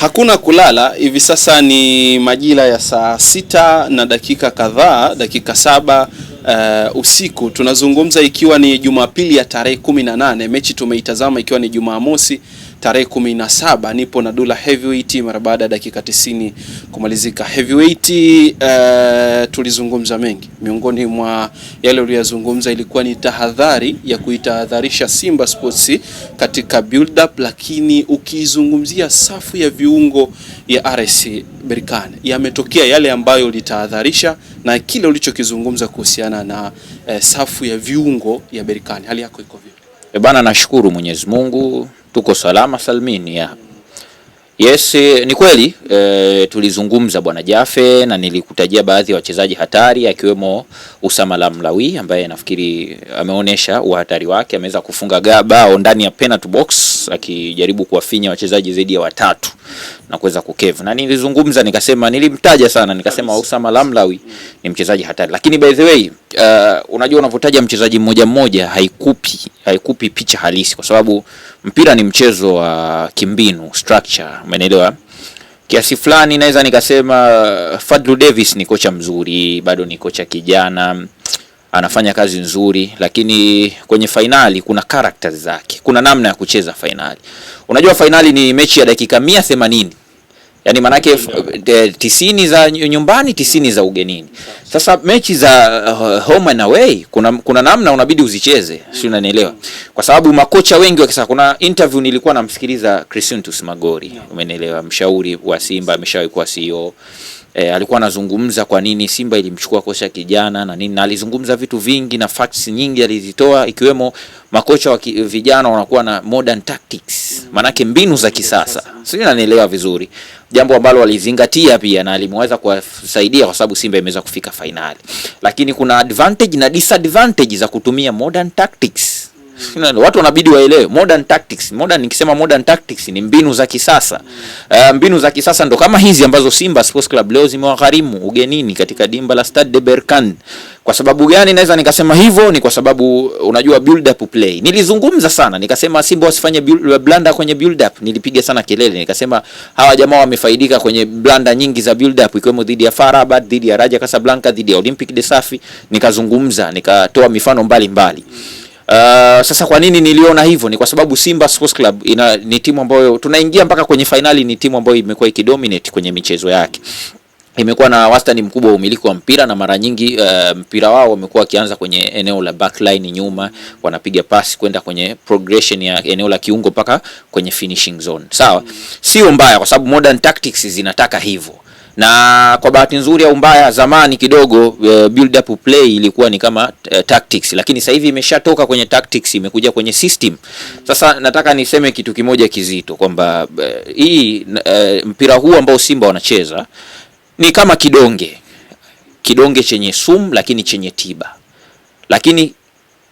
Hakuna kulala hivi sasa, ni majira ya saa sita na dakika kadhaa, dakika saba uh, usiku. Tunazungumza ikiwa ni Jumapili ya tarehe kumi na nane. Mechi tumeitazama ikiwa ni Jumamosi tarehe 17 nipo na Dula Heavyweight mara baada ya dakika 90 kumalizika. Heavyweight uh, tulizungumza mengi, miongoni mwa yale uliyozungumza ilikuwa ni tahadhari ya kuitahadharisha Simba Sports katika build up, lakini ukiizungumzia safu ya viungo ya RS Berkane yametokea yale ambayo ulitahadharisha na kile ulichokizungumza kuhusiana na eh, safu ya viungo ya Berkane, hali yako iko vipi? Eh, bana, nashukuru Mwenyezi Mungu tuko salama salmini ya. Yes, eh, ni kweli e, tulizungumza Bwana Jafe na nilikutajia baadhi ya wachezaji hatari akiwemo Usama Lamlawi ambaye nafikiri ameonyesha uhatari wake, ameweza kufunga bao ndani ya penalty box akijaribu kuwafinya wachezaji zaidi ya watatu na kuweza kukevu, na nilizungumza nikasema, nilimtaja sana nikasema Usama Lamlawi ni mchezaji hatari, lakini by the way uh, unajua unavyotaja mchezaji mmoja mmoja haikupi haikupi picha halisi, kwa sababu mpira ni mchezo wa kimbinu structure, umeelewa kiasi fulani. Naweza nikasema Fadlu Davis ni kocha mzuri, bado ni kocha kijana anafanya kazi nzuri, lakini kwenye fainali kuna characters zake, kuna namna ya kucheza fainali. Unajua fainali ni mechi ya dakika mia themanini yaani maanake tisini za nyumbani tisini za ugenini. Sasa mechi za uh, home and away kuna, kuna namna unabidi uzicheze, si unanielewa? Kwa sababu makocha wengi wakisa, kuna interview nilikuwa namsikiliza Christian Tusmagori, umenielewa, mshauri wa Simba, ameshawahi kuwa CEO E, alikuwa anazungumza kwa nini Simba ilimchukua kocha kijana na nini, na alizungumza vitu vingi na facts nyingi alizitoa, ikiwemo makocha wa vijana wanakuwa na modern tactics, maanake mbinu za kisasa, sio nanielewa vizuri, jambo ambalo walizingatia pia na alimeweza kuwasaidia kwa sababu Simba imeweza kufika fainali, lakini kuna advantage na disadvantage za kutumia modern tactics watu wanabidi waelewe modern tactics. Modern nikisema modern tactics ni mbinu za kisasa uh, mbinu za kisasa ndo kama hizi ambazo Simba Sports Club leo zimewagharimu ugenini katika dimba la Stade de Berkan. Kwa sababu gani naweza nikasema hivyo? Ni kwa sababu uh, unajua build up play, nilizungumza sana nikasema Simba wasifanye uh, blanda kwenye build up. Nilipiga sana kelele nikasema hawa jamaa wamefaidika kwenye blanda nyingi za build up, ikiwemo dhidi ya FAR Rabat, dhidi ya Raja Casablanca, dhidi ya Olympic de Safi. Nikazungumza nikatoa mifano mbalimbali mbali. Uh, sasa kwa nini niliona hivyo? Ni kwa sababu Simba Sports Club ina, ni timu ambayo tunaingia mpaka kwenye fainali, ni timu ambayo imekuwa ikidominate kwenye michezo yake imekuwa na wastani mkubwa wa umiliki wa mpira na mara nyingi uh, mpira wao wamekuwa wakianza kwenye eneo la backline nyuma, wanapiga pasi kwenda kwenye progression ya eneo la kiungo mpaka kwenye finishing zone. Sawa, sio mbaya, kwa sababu modern tactics zinataka hivyo na kwa bahati nzuri au mbaya, zamani kidogo uh, build up play ilikuwa ni kama uh, tactics, lakini sasa hivi imeshatoka kwenye tactics, imekuja kwenye system. Sasa nataka niseme kitu kimoja kizito kwamba uh, hii uh, mpira huu ambao Simba wanacheza ni kama kidonge, kidonge chenye sumu lakini chenye tiba, lakini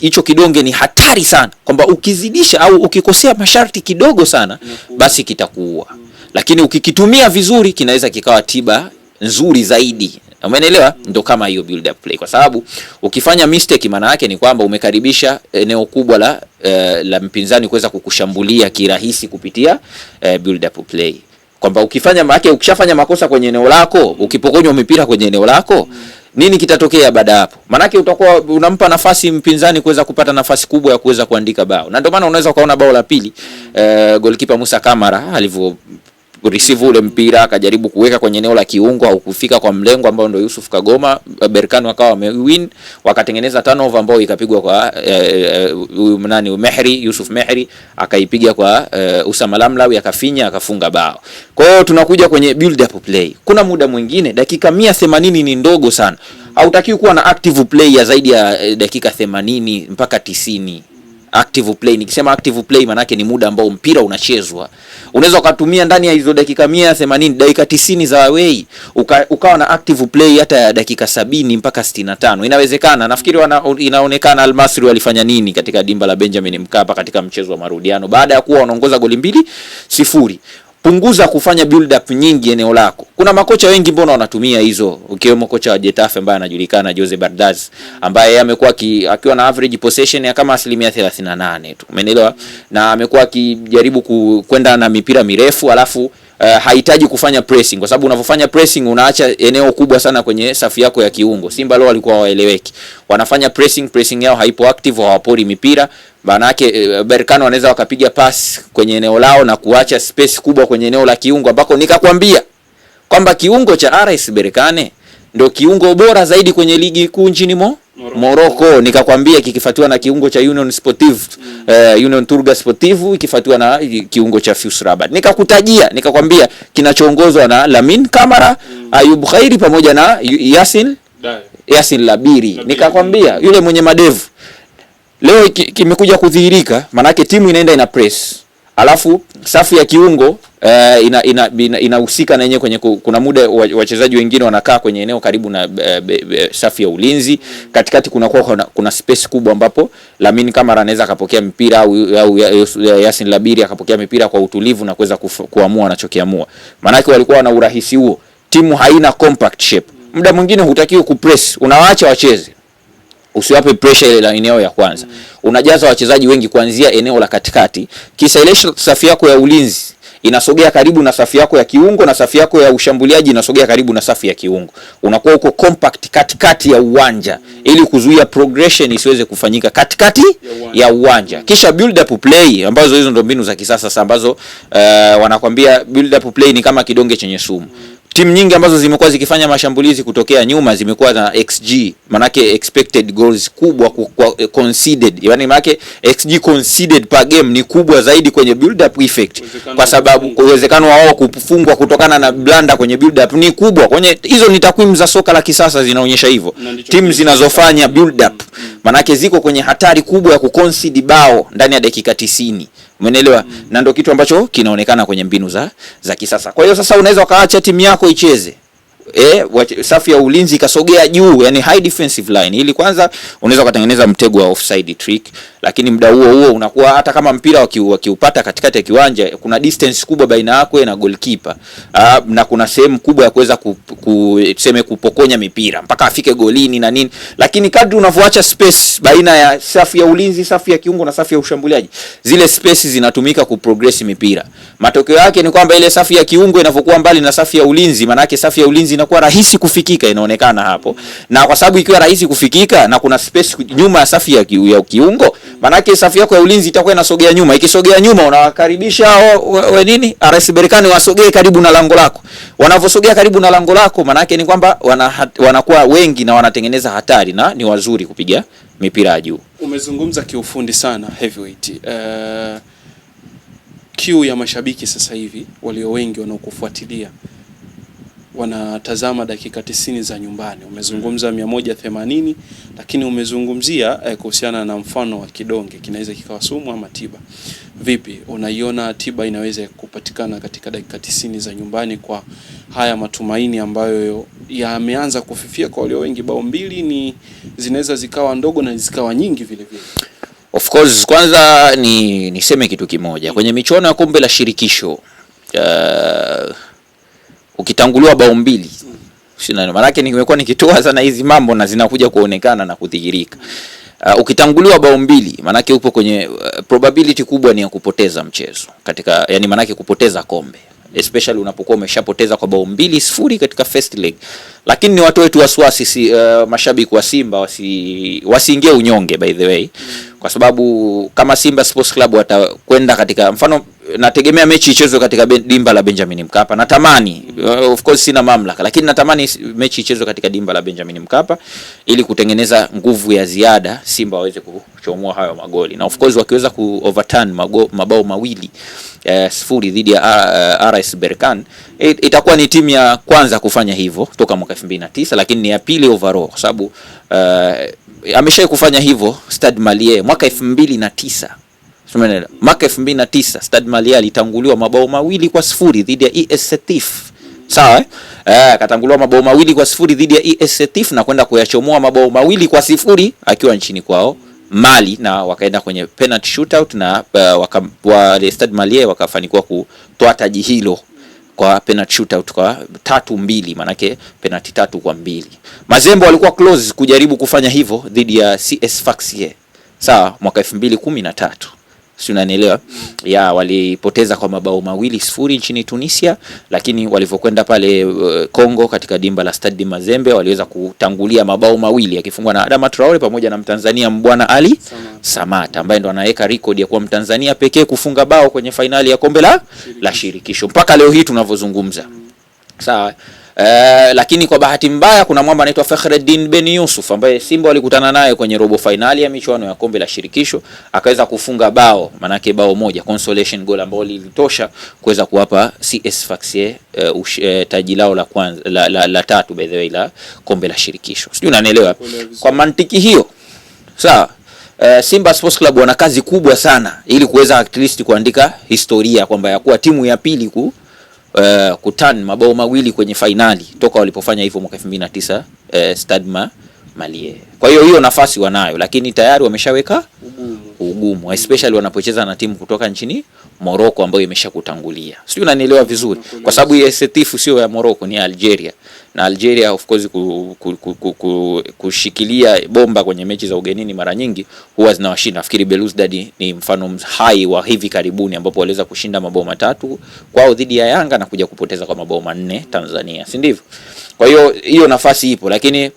hicho kidonge ni hatari sana, kwamba ukizidisha au ukikosea masharti kidogo sana basi kitakuua, lakini ukikitumia vizuri kinaweza kikawa tiba nzuri zaidi. Umeelewa? Ndo kama hiyo build up play, kwa sababu ukifanya mistake, maana yake ni kwamba umekaribisha eneo kubwa la, eh, la mpinzani kuweza kukushambulia kirahisi kupitia eh, build up play, kwamba ukifanya maana yake ukishafanya makosa kwenye eneo lako, ukipokonywa mipira kwenye eneo lako nini kitatokea baada hapo? Maanake utakuwa unampa nafasi mpinzani kuweza kupata nafasi kubwa ya kuweza kuandika bao, na ndio maana unaweza ukaona bao la pili, uh, eh, golikipa Musa Kamara alivyo receive ule mpira akajaribu kuweka kwenye eneo la kiungo, au kufika kwa mlengo ambao ndio Yusuf Kagoma. Berkane wakawa wamewin, wakatengeneza turnover ambao ikapigwa kwa eh, eh, huyu e, nani Mehri, Yusuf Mehri akaipiga kwa e, eh, Usama Lamlawi akafinya akafunga bao. Kwa hiyo tunakuja kwenye build up play. Kuna muda mwingine dakika 180 ni ndogo sana. Hautakiwi kuwa na active play ya zaidi ya dakika 80 mpaka 90. Active play, nikisema active play maanake ni muda ambao mpira unachezwa unaweza ukatumia ndani ya hizo dakika mia themanini dakika tisini za away uka, ukawa na active play hata ya dakika sabini mpaka sitini na tano inawezekana. Nafikiri wana, inaonekana Almasri walifanya nini katika dimba la Benjamin Mkapa katika mchezo wa marudiano baada ya kuwa wanaongoza goli mbili sifuri punguza kufanya build up nyingi eneo lako. Kuna makocha wengi mbona wanatumia hizo, ukiwemo kocha wa Getafe ambaye anajulikana Jose Bardaz, ambaye amekuwa akiwa na average possession ya kama asilimia 38 tu, umeelewa, na amekuwa akijaribu kwenda na mipira mirefu alafu uh, hahitaji kufanya pressing kwa sababu unavyofanya pressing unaacha eneo kubwa sana kwenye safu yako ya kiungo. Simba leo walikuwa waeleweki wanafanya pressing, pressing yao haipo active, hawapori mipira maana yake eh, Berkane wanaweza wakapiga pass kwenye eneo lao na kuacha space kubwa kwenye eneo la kiungo, ambako nikakwambia kwamba kiungo cha RS Berkane ndio kiungo bora zaidi kwenye ligi kuu nchini mo Morocco nikakwambia, kikifuatiwa na kiungo cha Union Sportive mm. eh, Union Turga Sportive ikifuatiwa na kiungo cha FUS Rabat. Nikakutajia, nikakwambia kinachoongozwa na Lamin Kamara mm. Ayub Khairi pamoja na Yasin Dai. Yasin Labiri, Labiri. Nikakwambia yule mwenye madevu leo kimekuja kudhihirika, maanake timu inaenda ina press Alafu safu ya kiungo eh, inahusika ina, ina, ina na yenyewe kwenye kuna muda wachezaji wengine wanakaa kwenye eneo karibu na be, be, safu ya ulinzi katikati, kunakuwa kuna, kuna space kubwa ambapo lamin Camara anaweza akapokea mpira au, au Yasin Labiri akapokea mpira kwa utulivu na kuweza kuamua anachokiamua, maanake walikuwa na urahisi huo. Timu haina compact shape, muda mwingine hutakiwi kupress, unawaacha wacheze usiwape pressure ile la eneo ya kwanza mm. Unajaza wachezaji wengi kuanzia eneo la katikati, kisha ile safu yako ya ulinzi inasogea karibu na safu yako ya kiungo na safu yako ya ushambuliaji inasogea karibu na safu ya kiungo. Unakuwa uko compact katikati ya uwanja mm. ili kuzuia progression isiweze kufanyika katikati ya uwanja, mm. kisha build up play, ambazo hizo ndio mbinu za kisasa ambazo uh, wanakwambia build up play ni kama kidonge chenye sumu mm. Timu nyingi ambazo zimekuwa zikifanya mashambulizi kutokea nyuma zimekuwa na xG, manake expected goals kubwa kwa eh, conceded, yani manake xG conceded per game ni kubwa zaidi kwenye build up effect, kwa sababu uwezekano wa wao kufungwa kutokana na blanda kwenye build up ni kubwa. Kwenye hizo ni takwimu za soka la kisasa zinaonyesha hivyo, timu zinazofanya build up mm. manake ziko kwenye hatari kubwa ya kuconcede bao ndani ya dakika tisini. Umeelewa? Mm. Na ndio kitu ambacho kinaonekana kwenye mbinu za za kisasa. Kwa hiyo sasa unaweza ukaacha timu yako icheze eh, safu ya ulinzi ikasogea juu, yani high defensive line, ili kwanza unaweza ukatengeneza mtego wa offside trick, lakini muda huo huo unakuwa hata kama mpira wakiupata waki katikati ya kiwanja, kuna distance kubwa baina yako na goalkeeper ah, na kuna sehemu kubwa ya kuweza kuseme kupokonya mipira mpaka afike golini na nini, lakini kadri unavyoacha space baina ya safu ya ulinzi, safu ya kiungo na safu ya ushambuliaji, zile space zinatumika kuprogress mipira. Matokeo yake ni kwamba ile safu ya kiungo inavyokuwa mbali na safu ya ulinzi, maana yake safu ya ulinzi inakuwa rahisi kufikika, inaonekana hapo. Na kwa sababu ikiwa rahisi kufikika na kuna space nyuma ya safi ya kiungo, maana yake safu yako ya ulinzi itakuwa inasogea nyuma. Ikisogea nyuma, unawakaribisha we nini, RS Berkane wasogee karibu na lango lako. Wanavyosogea karibu na lango lako, maana yake ni kwamba wanakuwa wana, wengi na wanatengeneza hatari na ni wazuri kupiga mipira ya juu. Umezungumza kiufundi sana Heavyweight. Uh, eh, kiu ya mashabiki sasa hivi walio wengi wanaokufuatilia wanatazama dakika tisini za nyumbani. Umezungumza mia moja themanini lakini umezungumzia eh, kuhusiana na mfano wa kidonge kinaweza kikawa sumu ama tiba. Vipi unaiona tiba inaweza kupatikana katika dakika tisini za nyumbani kwa haya matumaini ambayo yameanza kufifia kwa walio wengi? Bao mbili ni zinaweza zikawa ndogo na zikawa nyingi vile vile. Of course, kwanza ni niseme kitu kimoja kwenye michuano ya kombe la shirikisho uh, ukitanguliwa bao mbili maana yake nimekuwa nikitoa sana hizi mambo na zinakuja kuonekana na kudhihirika. Uh, ukitanguliwa bao mbili maana yake upo kwenye uh, probability kubwa ni ya kupoteza mchezo katika, yani maana yake kupoteza kombe especially unapokuwa umeshapoteza kwa bao mbili sifuri katika first leg. Lakini ni watoe tu wasiwasi si, uh, mashabiki wa Simba wasiingie wasi unyonge by the way, kwa sababu kama Simba Sports Club watakwenda katika mfano nategemea mechi ichezwe katika dimba la Benjamin Mkapa. Natamani, uh, of course sina mamlaka, lakini natamani mechi ichezwe katika dimba la Benjamin Mkapa ili kutengeneza nguvu ya ziada, Simba waweze kuchomoa hayo magoli, na of course wakiweza ku overturn mabao mawili eh, sifuri dhidi ya uh, RS Berkane It, itakuwa ni timu ya kwanza kufanya hivyo toka mwaka 2009 lakini ni ya pili overall kwa sababu uh, ameshawahi kufanya hivyo Stade Malien mwaka 2009 Tumeelewa. Mwaka 2009 Stade Malial itanguliwa mabao mawili kwa sifuri dhidi ya ES Setif. Sawa eh? Eh, katanguliwa mabao mawili kwa sifuri dhidi ya ES Setif na kwenda kuyachomoa mabao mawili kwa sifuri akiwa nchini kwao Mali na wakaenda kwenye penalty shootout na uh, wale Stade Malial wakafanikiwa kutoa taji hilo kwa penalty shootout kwa tatu mbili, manake penalty tatu kwa mbili. Mazembe walikuwa close kujaribu kufanya hivyo dhidi ya CS Sfaxien. Sawa, mwaka 2013 si unanielewa? Ya walipoteza kwa mabao mawili sifuri nchini Tunisia, lakini walivyokwenda pale eh, Kongo, uh, katika dimba la Stade Mazembe waliweza kutangulia mabao mawili akifungwa na Adama Traore pamoja na Mtanzania Mbwana Ali Samata, Samata ambaye ndo anaweka rekodi ya kuwa Mtanzania pekee kufunga bao kwenye fainali ya kombe la shirikisho mpaka leo hii tunavyozungumza. Sawa. Uh, lakini kwa bahati mbaya kuna mwamba anaitwa Fakhreddin Ben Yusuf ambaye Simba walikutana naye kwenye robo fainali ya michuano ya kombe la shirikisho, akaweza kufunga bao, manake bao moja consolation goal ambao lilitosha kuweza kuwapa CS Sfaxien uh, eh, uh, eh, taji lao la kwanza la, la, la la tatu by the way la kombe la shirikisho. Sijui unanielewa. Kwa mantiki hiyo, sawa Uh, Simba Sports Club wana kazi kubwa sana ili kuweza at least kuandika historia kwamba ya kuwa timu ya pili ku uh, eh, kutan mabao mawili kwenye fainali toka walipofanya hivyo mwaka 2009 uh, eh, stadma Malie. Kwa hiyo hiyo nafasi wanayo, lakini tayari wameshaweka ugumu especially wanapocheza na timu kutoka nchini Morocco ambayo imeshakutangulia. Sijui unanielewa vizuri, kwa sababu ile setifu sio ya Morocco, ni ya Algeria na Algeria of course ku, ku, ku, ku, ku, kushikilia bomba kwenye mechi za ugenini mara nyingi huwa zinawashinda. Nafikiri Belouizdad ni mfano hai wa hivi karibuni ambapo waliweza kushinda mabao matatu kwao dhidi ya Yanga na kuja kupoteza kwa mabao manne Tanzania, si ndivyo? Kwa hiyo hiyo nafasi ipo, lakini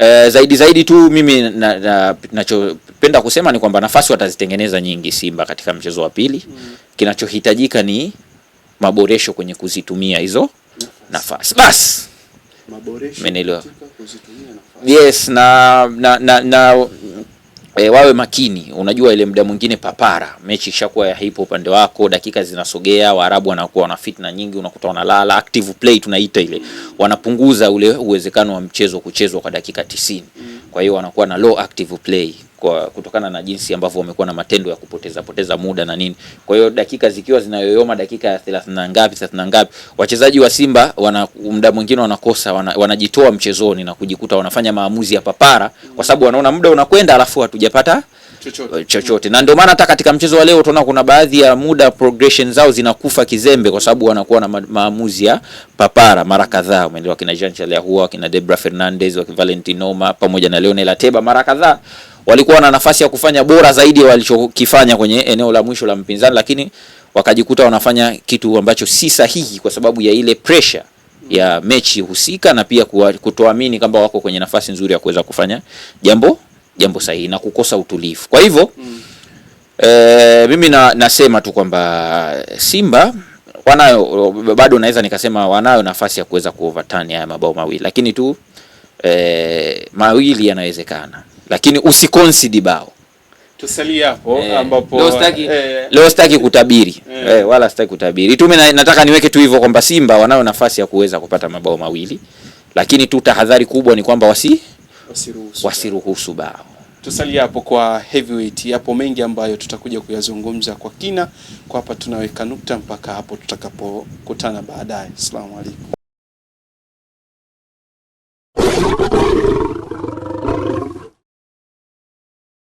Uh, zaidi zaidi tu mimi nachopenda na, na kusema ni kwamba nafasi watazitengeneza nyingi Simba katika mchezo wa pili mm. Kinachohitajika ni maboresho kwenye kuzitumia hizo nafasi basi. Umenielewa? Yes, na na, na, na e, wawe makini. Unajua ile muda mwingine papara, mechi ishakuwa ya upande wako, dakika zinasogea, Waarabu wanakuwa na fitna nyingi, unakuta wanalala, active play tunaita ile, wanapunguza ule uwezekano wa mchezo kuchezwa kwa dakika tisini. Mm. Kwa hiyo wanakuwa na low active play kwa kutokana na jinsi ambavyo wamekuwa na matendo ya kupoteza poteza muda na nini. Kwa hiyo dakika zikiwa zinayoyoma dakika ya 30 ngapi 30 ngapi, wachezaji wa Simba wana muda mwingine wanakosa wana, wanajitoa mchezoni na kujikuta wanafanya maamuzi ya papara kwa sababu wanaona muda unakwenda, alafu hatujapata chochote, chochote. Na ndio maana hata katika mchezo wa leo tunaona kuna baadhi ya muda progression zao zinakufa kizembe kwa sababu wanakuwa na maamuzi ya papara mara kadhaa. Umeelewa, kina Jean Chalea huwa kina Debra Fernandez wa Valentino pamoja na Leonel Ateba mara kadhaa walikuwa na nafasi ya kufanya bora zaidi walichokifanya kwenye eneo la mwisho la mpinzani, lakini wakajikuta wanafanya kitu ambacho si sahihi kwa sababu ya ile pressure ya mechi husika na pia kutoamini kwamba wako kwenye nafasi nzuri ya kuweza kufanya jambo jambo sahihi na kukosa utulivu. Kwa hivyo mm. e, mimi na, nasema tu kwamba Simba wanayo bado, naweza nikasema wanayo nafasi ya kuweza kuovertani haya mabao mawili, lakini tu e, mawili yanawezekana lakini usikonsidi bao. Tusalie hapo eh, ambapo leo sitaki eh, kutabiri eh, eh, wala sitaki kutabiri tu. Mimi nataka niweke tu hivyo kwamba Simba wanayo nafasi ya kuweza kupata mabao mawili, lakini tu tahadhari kubwa ni kwamba wasi wasiruhusu, wasiruhusu bao tusalie hapo kwa Heavyweight. Yapo mengi ambayo tutakuja kuyazungumza kwa kina. Kwa hapa tunaweka nukta mpaka hapo tutakapokutana baadaye. Asalamu alaykum.